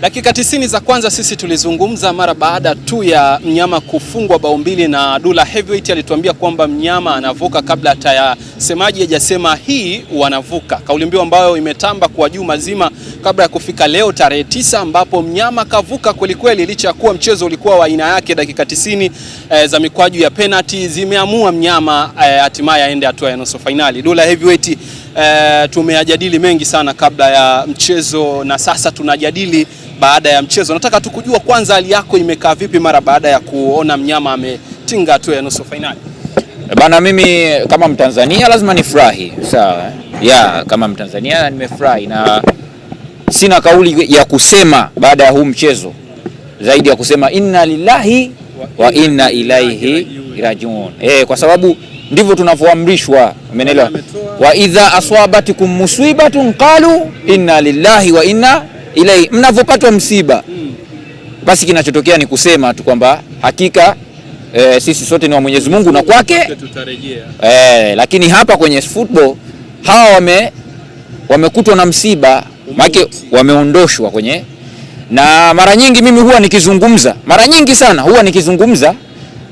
Dakika tisini za kwanza sisi tulizungumza mara baada tu ya mnyama kufungwa bao mbili na Dula Heavyweight alituambia kwamba mnyama anavuka kabla hata ya semaji hajasema hii wanavuka. Kauli mbiu ambayo imetamba kwa juma zima kabla ya kufika leo tarehe tisa ambapo mnyama kavuka kwelikweli, licha ya kuwa mchezo ulikuwa wa aina yake. Dakika tisini e, za mikwaju ya penalti zimeamua mnyama eh, hatimaye e, aende hatua ya nusu fainali. Dula Heavyweight e, tumeyajadili mengi sana kabla ya mchezo na sasa tunajadili baada ya mchezo. Nataka tu kujua kwanza, hali yako imekaa vipi mara baada ya kuona mnyama ametinga hatua ya nusu fainali? Eh, bana, mimi kama Mtanzania lazima nifurahi, sawa ya kama Mtanzania nimefurahi na sina kauli ya kusema baada ya huu mchezo zaidi ya kusema inna lillahi wa inna ilaihi rajiun, eh, kwa sababu ndivyo tunavyoamrishwa, umeelewa? wa idha aswabatikum musibatun qalu inna lillahi wa inna ilaihi, mnavyopatwa msiba basi kinachotokea ni kusema tu kwamba hakika e, sisi sote ni wa Mwenyezi Mungu na kwake e. Lakini hapa kwenye football hawa wame wamekutwa na msiba maana wameondoshwa kwenye, na mara nyingi mimi huwa nikizungumza, mara nyingi sana huwa nikizungumza,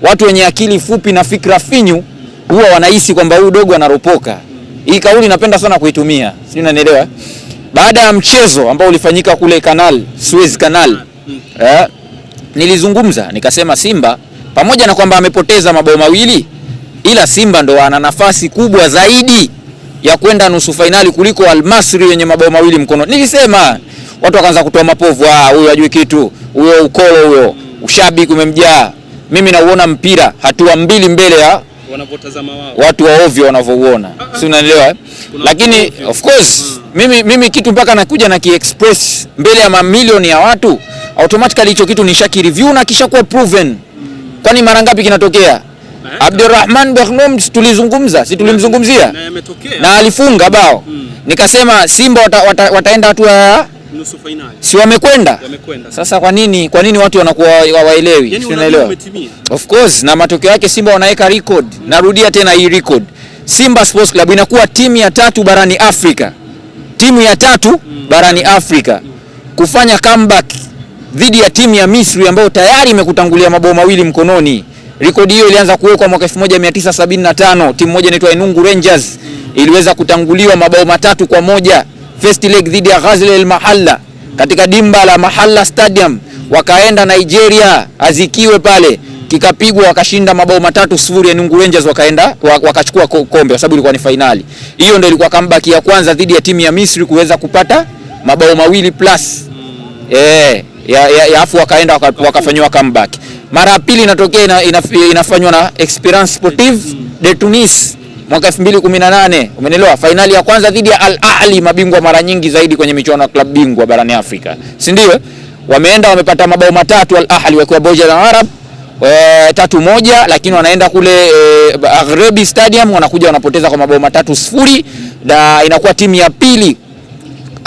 watu wenye akili fupi na fikra finyu huwa wanahisi kwamba huyu dogo anaropoka. Hii kauli napenda sana kuitumia, sijui unanielewa. Baada ya mchezo ambao ulifanyika kule Canal Suez Canal, mm. eh, nilizungumza nikasema Simba pamoja na kwamba amepoteza mabao mawili, ila Simba ndo ana nafasi kubwa zaidi ya kwenda nusu fainali kuliko Almasri yenye mabao mawili mkono. Nilisema watu wakaanza kutoa mapovu, ah, huyo hajui kitu, huyo ukolo, huyo ushabiki umemjaa. Mimi nauona mpira hatua mbili mbele ya wanavyotazama wao, watu waovyo wanavyouona, ah, ah. si unanielewa? Eh? Lakini of course ah. mimi, mimi kitu mpaka nakuja na kiexpress mbele ya mamilioni ya watu, automatically hicho kitu nishaki review na kisha kuwa proven. Hmm. Kwani mara ngapi kinatokea? Abdurrahman Bahnom tulizungumza, si tulimzungumzia na, na alifunga bao hmm. Nikasema Simba wata, wata, wataenda hatua nusu finali. Si wamekwenda? Wamekwenda. Sasa kwa nini kwa nini watu wanakuwa hawaelewi? Yani, sinaelewa. Of course na matokeo yake Simba wanaweka record. Hmm. Narudia tena hii record. Simba Sports Club inakuwa timu ya tatu barani Afrika. Timu ya tatu hmm. barani Afrika hmm. kufanya comeback dhidi ya timu ya Misri ambayo tayari imekutangulia mabao mawili mkononi. Rekodi hiyo ilianza kuwekwa mwaka 1975. Timu moja inaitwa Inungu Rangers mm. iliweza kutanguliwa mabao matatu kwa moja first leg dhidi ya Ghazal El Mahalla katika dimba la Mahalla Stadium, wakaenda Nigeria azikiwe pale, kikapigwa wakashinda mabao matatu sifuri. ya Nungu Rangers wakaenda wakachukua kombe kwa sababu ilikuwa ni fainali. Hiyo ndio ilikuwa comeback ya kwanza dhidi ya timu ya Misri kuweza kupata mabao mawili plus eh, ya, ya, ya afu wakaenda waka, wakafanywa comeback. Mara ya pili inatokea inafanywa na Experience Sportive de Tunis mwaka 2018 umenielewa, fainali ya kwanza dhidi ya Al Ahli, mabingwa mara nyingi zaidi kwenye michuano ya klabu bingwa barani Afrika, si ndio? Eh? Wameenda wamepata mabao matatu Al Ahli wakiwa Boja na Arab e, tatu moja, lakini wanaenda kule e, Aghrebi Stadium wanakuja wanapoteza kwa mabao matatu sifuri, na inakuwa timu ya pili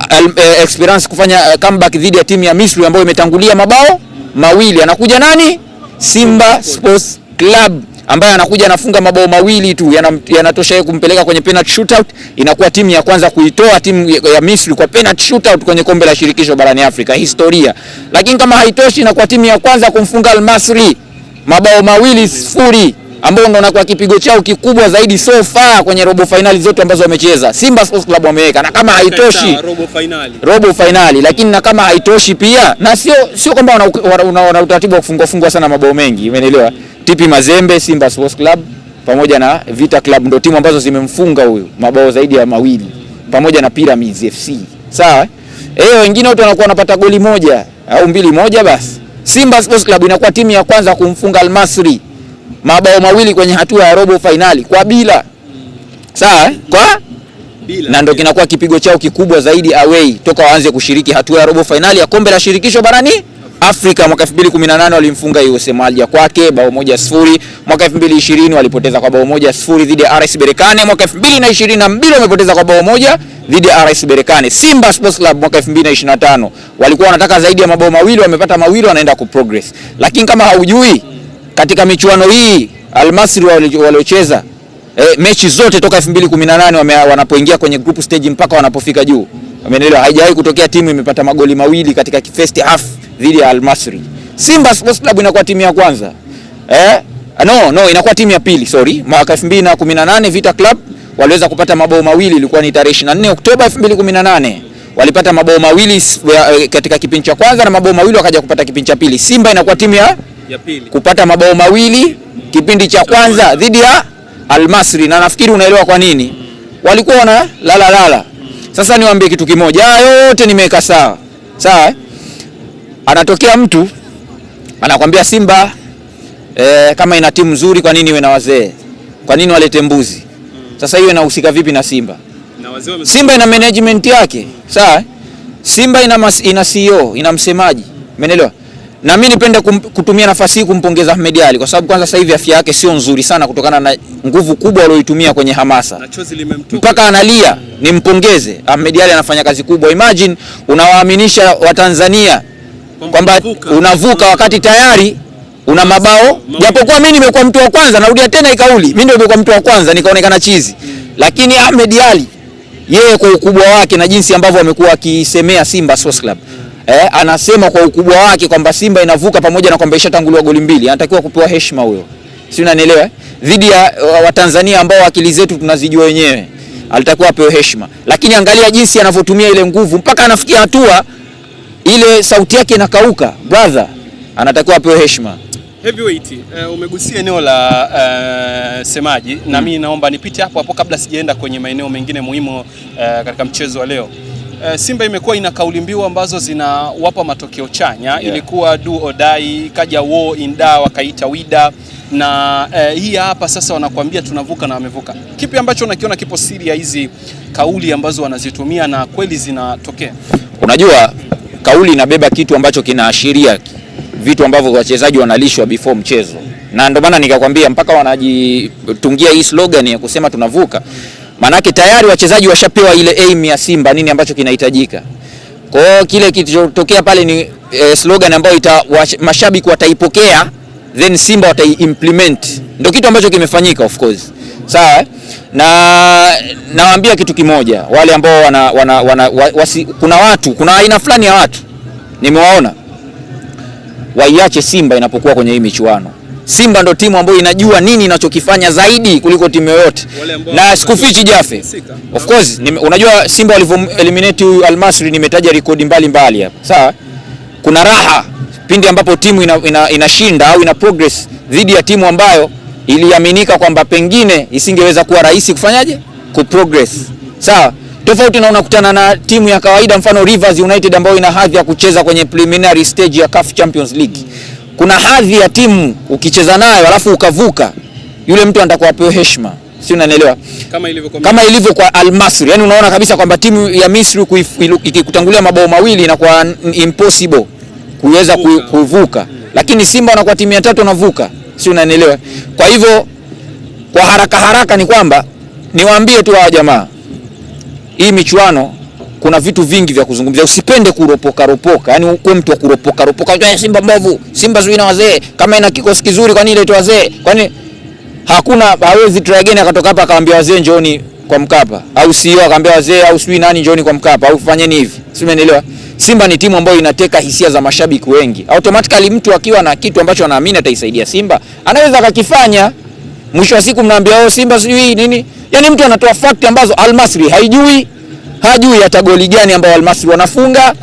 Al, e, experience kufanya comeback dhidi ya timu ya Misri ambayo imetangulia mabao mawili. Anakuja nani? Simba Sports Club ambaye anakuja anafunga mabao mawili tu yanatosha yeye kumpeleka kwenye penalty shootout, inakuwa timu ya kwanza kuitoa timu ya Misri kwa penalty shootout kwenye kombe la shirikisho barani Afrika, historia. Lakini kama haitoshi, inakuwa timu ya kwanza kumfunga Al Masry mabao mawili sifuri ambao ndo nakuwa kipigo chao kikubwa zaidi so far kwenye robo finali zote ambazo wamecheza. Simba Sports Club wameweka, na kama haitoshi robo finali, robo finali. Lakini na kama haitoshi pia, na sio sio kwamba wana utaratibu wa kufungwa fungwa sana mabao mengi, umeelewa? TP Mazembe, Simba Sports Club pamoja na Vita Club ndio timu ambazo zimemfunga huyu mabao zaidi ya mawili pamoja na Pyramids FC. Sawa? Eh, eh wengine watu wanakuwa wanapata goli moja au mbili moja basi. Simba Sports Club inakuwa timu ya kwanza kumfunga Almasri mabao mawili kwenye hatua ya robo finali kwa bila. Sawa? Eh? Kwa bila. Na ndio kinakuwa kipigo chao kikubwa zaidi away toka waanze kushiriki hatua ya robo finali ya kombe la shirikisho barani Afrika mwaka 2018 walimfunga Yusemalia kwake bao moja sifuri. Mwaka 2020 walipoteza kwa bao moja sifuri dhidi ya RS Berkane. Mwaka 2022 wamepoteza kwa bao moja dhidi ya RS Berkane. Simba Sports Club mwaka 2025 walikuwa wanataka zaidi ya mabao mawili, wamepata mawili, wanaenda ku progress. Lakini kama haujui, katika michuano hii Almasri waliocheza E, mechi zote toka 2018 wanapoingia kwenye group stage mpaka wanapofika juu, wameelewa, Haijawahi kutokea timu imepata magoli mawili katika first half dhidi ya Al-Masri. Simba Sports Club inakuwa timu ya kwanza eh? No, no, inakuwa timu ya pili sorry. Mwaka 2018 Vita Club waliweza kupata mabao mawili, ilikuwa ni tarehe 24 Oktoba 2018 walipata mabao mawili eh, katika kipindi cha kwanza na mabao mawili wakaja kupata kipindi cha pili. Simba inakuwa timu ya ya pili kupata mabao mawili kipindi cha kwanza dhidi ya Almasri, na nafikiri unaelewa kwa nini walikuwa wana lala lala. Sasa niwaambie kitu kimoja, haya yote nimeweka sawa sawa. eh? anatokea mtu anakwambia Simba e, kama ina timu nzuri, kwa nini iwe na wazee? Kwa nini walete mbuzi? Sasa hiyo inahusika vipi na Simba? Simba ina management yake, sawa. Simba ina mas, ina CEO, ina msemaji, umeelewa? Na mimi nipende kutumia nafasi hii kumpongeza Ahmed Ally kwa sababu kwanza sasa hivi afya yake sio nzuri sana kutokana na nguvu kubwa aliyoitumia kwenye hamasa mpaka analia. Nimpongeze Ahmed Ally, anafanya kazi kubwa. Imagine unawaaminisha Watanzania kwamba unavuka wakati tayari una mabao. Japokuwa mimi nimekuwa mtu wa kwanza, narudia tena ikauli, mimi ndio nimekuwa mtu wa kwanza nikaonekana chizi, lakini Ahmed Ali yeye kwa ukubwa wake na jinsi ambavyo amekuwa akisemea Simba Sports Club eh, anasema kwa ukubwa wake kwamba Simba inavuka, pamoja na kwamba ishatanguliwa goli mbili, anatakiwa kupewa heshima huyo, si unanielewa, eh? dhidi ya Watanzania ambao akili zetu tunazijua wenyewe, alitakiwa apewe heshima. Lakini angalia jinsi anavyotumia ile nguvu mpaka anafikia hatua ile sauti yake inakauka, brother anatakiwa apewe heshima. Heavyweight, uh, eh, umegusia eneo la uh, semaji mm. na hmm. mimi naomba nipite hapo hapo kabla sijaenda kwenye maeneo mengine muhimu uh, katika mchezo wa leo. Simba imekuwa ina kauli mbiu ambazo zinawapa matokeo chanya yeah. Ilikuwa do or die, kaja wo inda wakaita wida na uh, hii hapa sasa wanakuambia tunavuka na wamevuka. Kipi ambacho unakiona kipo siri ya hizi kauli ambazo wanazitumia na kweli zinatokea? Unajua kauli inabeba kitu ambacho kinaashiria vitu ambavyo wachezaji wanalishwa before mchezo, na ndio maana nikakwambia mpaka wanajitungia hii slogan ya kusema tunavuka, manake tayari wachezaji washapewa ile aim ya Simba, nini ambacho kinahitajika. Kwa hiyo kile kilichotokea pale ni eh, slogan ambayo ita mashabiki wataipokea, then Simba wataiimplement. Ndio kitu ambacho kimefanyika of course sawa. Eh? Na nawaambia kitu kimoja, wale ambao wana, wana, wana, wasi, kuna watu, kuna aina fulani ya watu nimewaona, waiache Simba inapokuwa kwenye hii michuano. Simba ndo timu ambayo inajua nini inachokifanya zaidi kuliko timu yoyote, na sikufichi Jafe, of course nime, unajua Simba walivyo eliminate huyu Almasri, nimetaja rekodi mbalimbali hapa sawa. Kuna raha pindi ambapo timu inashinda ina, ina au ina progress dhidi ya timu ambayo iliaminika kwamba pengine isingeweza kuwa rahisi kufanyaje kuprogress, sawa. Tofauti na unakutana na timu ya kawaida, mfano Rivers United ambayo ina hadhi ya kucheza kwenye preliminary stage ya CAF Champions League. Kuna hadhi ya timu ukicheza nayo alafu ukavuka, yule mtu anatakuwa apewe heshima, si unanielewa? Kama ilivyo kwa, kama ilivyo kwa Al Masry, yani unaona kabisa kwamba timu ya Misri ikikutangulia mabao mawili inakuwa impossible kuweza kuvuka, lakini Simba wanakuwa timu ya tatu wanavuka si unanielewa? Kwa hivyo kwa haraka haraka ni kwamba niwaambie tu hawa jamaa, hii michuano kuna vitu vingi vya kuzungumzia. Usipende kuropoka ropoka, yani uko mtu wa kuropoka ropoka, unajua Simba mbovu, Simba sio na wazee, kama ina kikosi kizuri, kwa nini ilete wazee? Kwa nini hakuna hawezi Trageni akatoka hapa akamwambia wazee njooni kwa Mkapa, au sio? akamwambia wazee, au sio nani, njooni kwa Mkapa, au fanyeni hivi, si umeelewa? Simba ni timu ambayo inateka hisia za mashabiki wengi. Automatically mtu akiwa na kitu ambacho anaamini ataisaidia Simba, anaweza akakifanya. Mwisho wa siku mnaambia wao oh, Simba sijui nini. Yaani mtu anatoa fact ambazo Almasri haijui, hajui hata goli gani ambao Almasri wanafunga.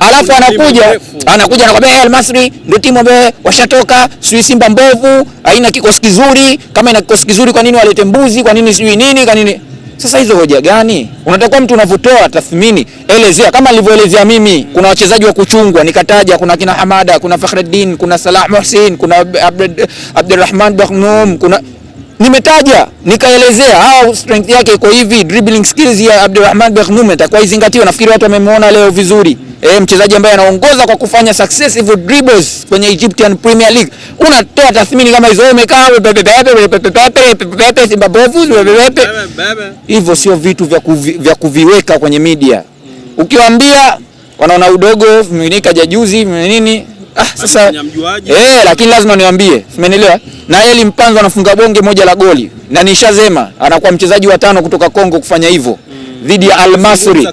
Alafu anakuja, anakuja anakuambia hey, eh, Almasri ndio timu ambayo washatoka, sijui Simba mbovu, haina kikosi kizuri, kama ina kikosi kizuri kwa nini walete mbuzi, kwa nini sijui nini, kwa nini sasa hizo hoja gani unatakiwa? Mtu unavyotoa tathmini, elezea kama alivyoelezea mimi. Kuna wachezaji wa kuchungwa nikataja, kuna kina Hamada, kuna Fakhreddin, kuna Salah Mohsin, kuna Abdurrahman Bakhnum, kuna nimetaja nikaelezea, hao strength yake iko hivi, dribbling skills ya Abdurrahman Bakhnum itakuwa izingatiwa. Nafikiri watu wamemwona leo vizuri e, mchezaji ambaye anaongoza kwa kufanya successive dribbles kwenye Egyptian Premier League. Unatoa tathmini kama hizo, umekaa hivyo, sio vitu vya, kuvi, vya kuviweka kwenye media mm. Ukiwaambia wanaona udogo, vimiminika vya juzi nini Ah, sasa eh, lakini lazima niwaambie, umeelewa? Na Eli Mpanzo anafunga bonge moja la goli na nishazema anakuwa mchezaji wa tano kutoka Kongo kufanya hivyo. mm dhidi ya Almasri,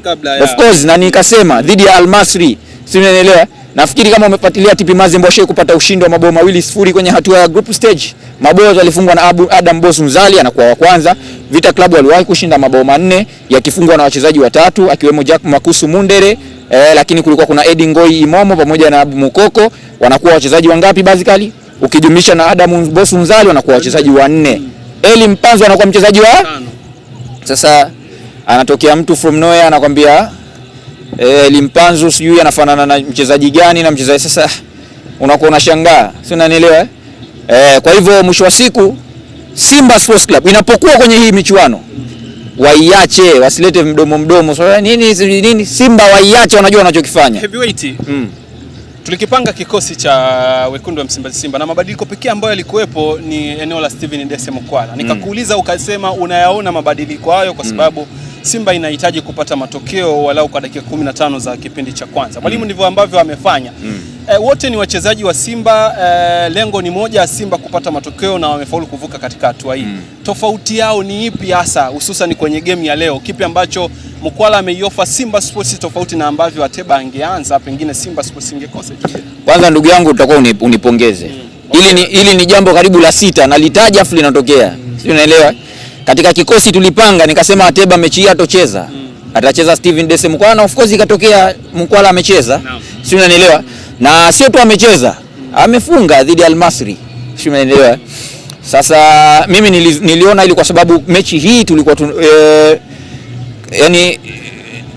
Of course na nikasema dhidi ya Almasri, Si unaelewa? Nafikiri kama umefuatilia TP Mazembe washawahi kupata ushindi wa mabao mawili sifuri kwenye hatua ya group stage. Mabao yalifungwa na Abu Adam Bosu Mzali anakuwa wa kwanza. Vita Club waliwahi kushinda mabao manne yakifungwa na wachezaji watatu akiwemo Jack Makusu Mundere eh, lakini kulikuwa kuna Edi Ngoi Imomo pamoja na Abu Mukoko wanakuwa wachezaji wangapi basically? Ukijumlisha na Adam Bosu Mzali wanakuwa wachezaji wanne. Eli Mpanzo anakuwa mchezaji wa sasa anatokea mtu from nowhere anakwambia eh, Limpanzu sijui anafanana na mchezaji gani na mchezaji sasa, unakuwa unashangaa, si unanielewa eh? eh? Kwa hivyo mwisho wa siku Simba Sports Club inapokuwa kwenye hii michuano waiache, wasilete mdomo mdomo so, nini nini, Simba waiache, wanajua wanachokifanya. Heavyweight mm. Tulikipanga kikosi cha wekundu wa Msimbazi Simba na mabadiliko pekee ambayo yalikuwepo ni eneo la Steven Dese Mukwala, nikakuuliza ukasema unayaona mabadiliko hayo kwa mm. sababu mm. Simba inahitaji kupata matokeo walau kwa dakika 15 za kipindi cha kwanza. Mwalimu mm. ndivyo ambavyo amefanya mm. E, wote ni wachezaji wa Simba e, lengo ni moja, Simba kupata matokeo na wamefaulu kuvuka katika hatua hii mm. tofauti yao ni ipi hasa, hususan kwenye game ya leo? Kipi ambacho Mkwala ameiofa Simba Sports tofauti na ambavyo Ateba angeanza pengine Simba Sports ingekosa? Kwanza ndugu yangu, utakuwa unipongeze mm. Hili ni, hili ni jambo karibu la sita nalitaja afu linatokea mm. si unaelewa? katika kikosi tulipanga, nikasema Ateba mechi hii atocheza, hmm. atacheza Steven Dese Mkwala. na Of course ikatokea Mkwala amecheza, no. si unanielewa? Na sio tu amecheza, mm. amefunga dhidi ya Almasri, si unanielewa? Sasa mimi nili, niliona ili kwa sababu mechi hii tulikuwa tu, e, yani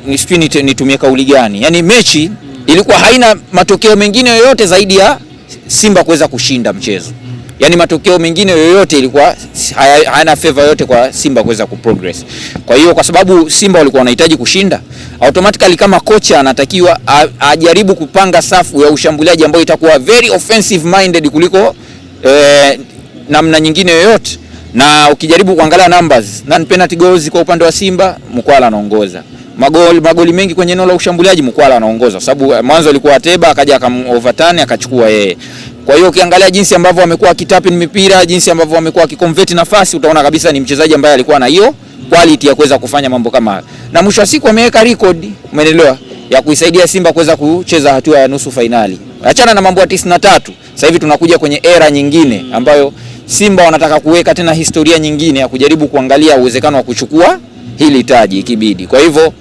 nisijui nitumie kauli gani, yani mechi hmm. ilikuwa haina matokeo mengine yoyote zaidi ya Simba kuweza kushinda mchezo yani matokeo mengine yoyote ilikuwa hayana favor yote kwa Simba kuweza kuprogress. Kwa hiyo kwa sababu Simba walikuwa wanahitaji kushinda, automatically kama kocha anatakiwa ajaribu kupanga safu ya ushambuliaji ambayo itakuwa very offensive minded kuliko eh, namna nyingine yoyote. Na ukijaribu kuangalia numbers, non penalty goals kwa upande wa Simba, Mkwala anaongoza magoli magoli mengi kwenye eneo la ushambuliaji Mkwala anaongoza, sababu eh, mwanzo alikuwa Ateba akaja akamoverturn akachukua yeye. Kwa hiyo ukiangalia jinsi ambavyo amekuwa akitap mipira, jinsi ambavyo amekuwa akiconvert nafasi, utaona kabisa ni mchezaji ambaye alikuwa na hiyo quality ya kuweza kufanya mambo kama hayo, na mwisho wa siku ameweka record, umeelewa, ya kuisaidia Simba kuweza kucheza hatua ya nusu fainali. Achana na mambo ya 93. Sasa hivi tunakuja kwenye era nyingine ambayo Simba wanataka kuweka tena historia nyingine ya kujaribu kuangalia uwezekano wa kuchukua hili taji ikibidi. Kwa hivyo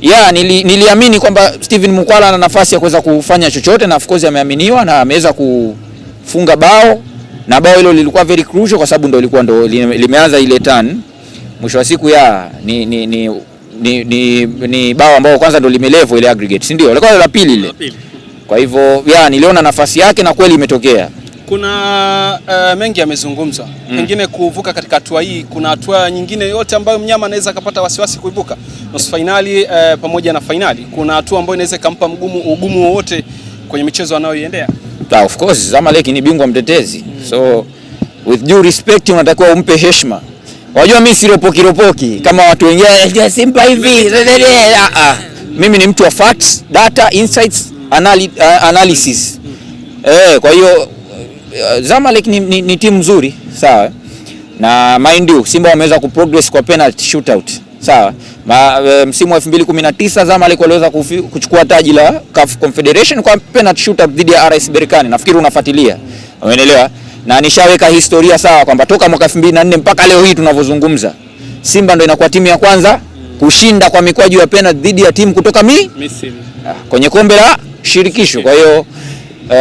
ya nili, niliamini kwamba Steven Mukwala ana nafasi ya kuweza kufanya chochote, na of course ameaminiwa na ameweza kufunga bao, na bao hilo lilikuwa very crucial kwa sababu ndo ilikuwa ndo limeanza ile turn. Mwisho wa siku ya ni ni ni ni, ni, ni bao ambao kwanza ndo limelevo ile aggregate, si ndio? Ilikuwa la pili ile. Kwa hivyo ya niliona nafasi yake na kweli imetokea. Kuna uh, mengi yamezungumzwa mm. Pengine kuvuka katika hatua hii, kuna hatua nyingine yote ambayo mnyama anaweza akapata wasiwasi kuibuka nusu fainali uh, eh, pamoja na fainali. Kuna hatua ambayo inaweza ikampa mgumu ugumu wowote kwenye michezo anayoiendea. Of course Zamalek ni bingwa mtetezi mm. So with due respect, unatakiwa umpe heshima. Wajua mimi siropoki ropoki kama watu wengine eh, Simba hivi. Ah, ah. Mimi ni mtu wa facts, data, insights, analysis. Mm. Eh, kwa hiyo Eh, Zamalek ni, ni, ni timu nzuri sawa, na mind you Simba wameweza kuprogress kwa penalty shootout sawa. Ma, e, msimu wa 2019 Zamalek waliweza kuchukua taji la CAF Confederation kwa penalty shootout dhidi ya RS Berkane, nafikiri unafuatilia, umeelewa na nishaweka historia sawa, kwamba toka mwaka 2004 mpaka leo hii tunavyozungumza, Simba ndio inakuwa timu ya kwanza kushinda kwa mikwaju ya penalty dhidi ya timu kutoka mi, Misri ah, kwenye kombe la shirikisho. Kwa hiyo Uh,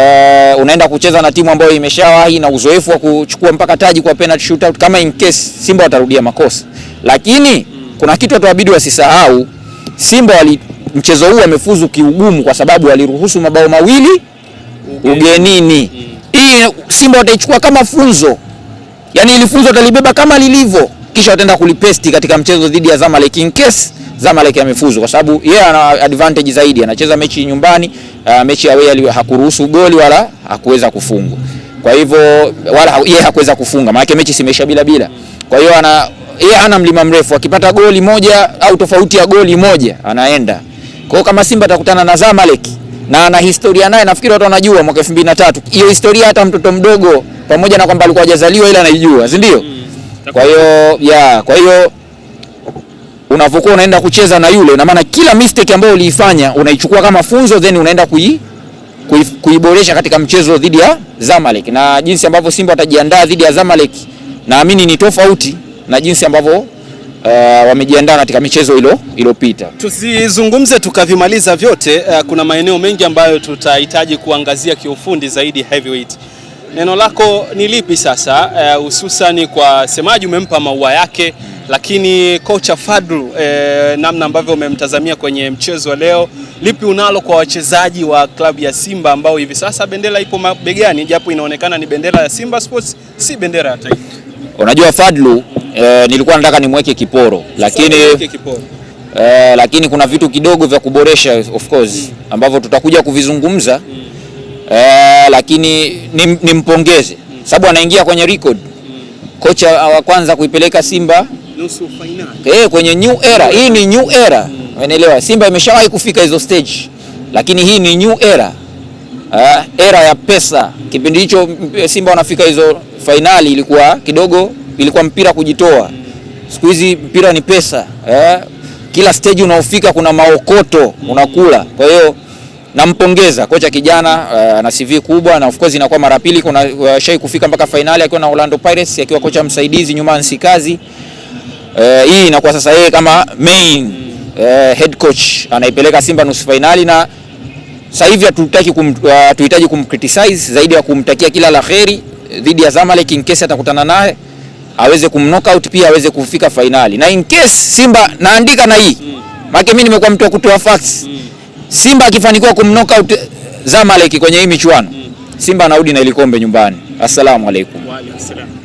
unaenda kucheza na timu ambayo imeshawahi na uzoefu wa kuchukua mpaka taji kwa penalty shootout, kama in case Simba watarudia makosa. Lakini kuna kitu tuabidi wasisahau, Simba wali mchezo huu wamefuzu kiugumu kwa sababu waliruhusu mabao mawili ugenini. Mm. Hii Simba wataichukua kama funzo, yani ili funzo atalibeba kama lilivyo, kisha wataenda kulipesti katika mchezo dhidi ya Zamalek in case Zamalek amefuzu, kwa sababu yeye yeah, ana advantage zaidi, anacheza mechi nyumbani uh, mechi ya away hakuruhusu goli wala hakuweza kufungwa. Kwa hivyo wala yeye hakuweza kufunga, maana mechi simesha bila bila. Kwa hiyo ana yeye ana mlima mrefu, akipata goli moja au tofauti ya goli moja anaenda. Kwa kama Simba atakutana na Zamalek na ana historia naye, nafikiri watu wanajua mwaka 2003 hiyo historia, hata mtoto mdogo pamoja na kwamba alikuwa hajazaliwa ila anaijua, si ndio? Mm. Kwa hiyo ya, kwa hiyo unavokuwa unaenda kucheza na yule, na maana kila mistake ambayo uliifanya unaichukua kama funzo, then unaenda kui, kui, kuiboresha katika mchezo dhidi ya Zamalek. Na jinsi ambavyo Simba watajiandaa dhidi ya Zamalek naamini ni tofauti na jinsi ambavyo Uh, wamejiandaa katika michezo hilo iliyopita. Tusizungumze tukavimaliza vyote. Uh, kuna maeneo mengi ambayo tutahitaji kuangazia kiufundi zaidi. Heavyweight, neno lako ni lipi sasa, uh, hususan uh, kwa semaji umempa maua yake lakini kocha Fadlu eh, namna ambavyo umemtazamia kwenye mchezo wa leo, lipi unalo kwa wachezaji wa klabu ya Simba ambao hivi sasa bendera ipo mabegani, japo inaonekana ni bendera ya Simba Sports, si bendera ya taifa? Unajua Fadlu eh, nilikuwa nataka nimweke kiporo lakini Uh, lakini kuna vitu kidogo vya kuboresha of course mm. ambavyo tutakuja kuvizungumza mm. uh, lakini nimpongeze ni mm. sababu anaingia kwenye record mm. kocha wa kwanza kuipeleka Simba nusu finali. Eh, kwenye new era. Hii ni new era. Unaelewa? Hmm. Simba imeshawahi kufika hizo stage. Lakini hii ni new era. Ah, era ya pesa. Kipindi hicho eh, Simba wanafika hizo finali ilikuwa kidogo ilikuwa mpira kujitoa. Siku hizi mpira ni pesa. Eh? Kila stage unaofika kuna maokoto unakula. Kwa hiyo nampongeza kocha kijana eh, ana uh, CV kubwa na of course inakuwa mara pili kuna uh, eh, shai kufika mpaka finali akiwa na Orlando Pirates akiwa kocha msaidizi nyuma Nsikazi. Uh, hii inakuwa sasa yeye kama main uh, head coach anaipeleka Simba nusu finali, na sasa hivi eh, hatuhitaji kum, uh, tuhitaji kumcriticize zaidi ya kumtakia kila la kheri dhidi ya Zamalek in case atakutana naye aweze kumnockout pia aweze kufika finali, na in case Simba naandika na hii maana mimi nimekuwa mtu wa kutoa facts. Simba akifanikiwa kumnockout Zamalek kwenye hii michuano, Simba anarudi na ile kombe nyumbani. Assalamu alaikum.